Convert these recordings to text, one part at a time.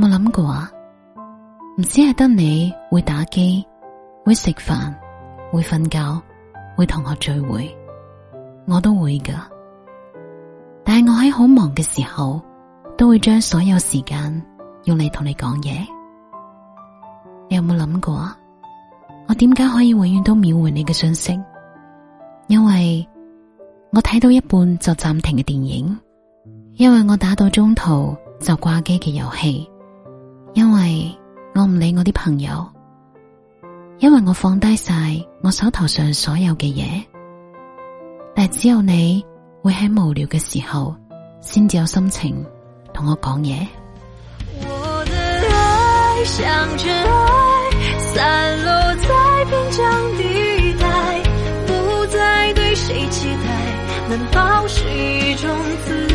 有冇諗過啊？唔止係得你會打機、會食飯、會瞓覺、會同學聚會，我都會㗎。但係我喺好忙嘅時候，都會將所有時間用嚟同你講嘢。你有冇諗過啊？我點解可以永遠都秒回你嘅信息？因為我睇到一半就暫停嘅電影，因為我打到中途就掛機嘅遊戲。因為我唔理我啲朋友，因為我放低晒我手頭上所有嘅嘢，但係只有你會喺無聊嘅時候先至有心情同我講嘢。我嘅愛向著愛散落在邊疆地帶，不再對誰期待，難保是一種自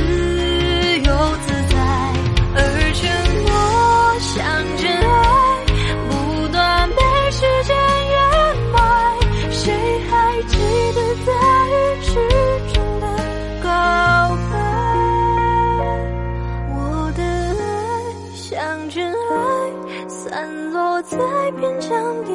像塵埃，散落在邊疆。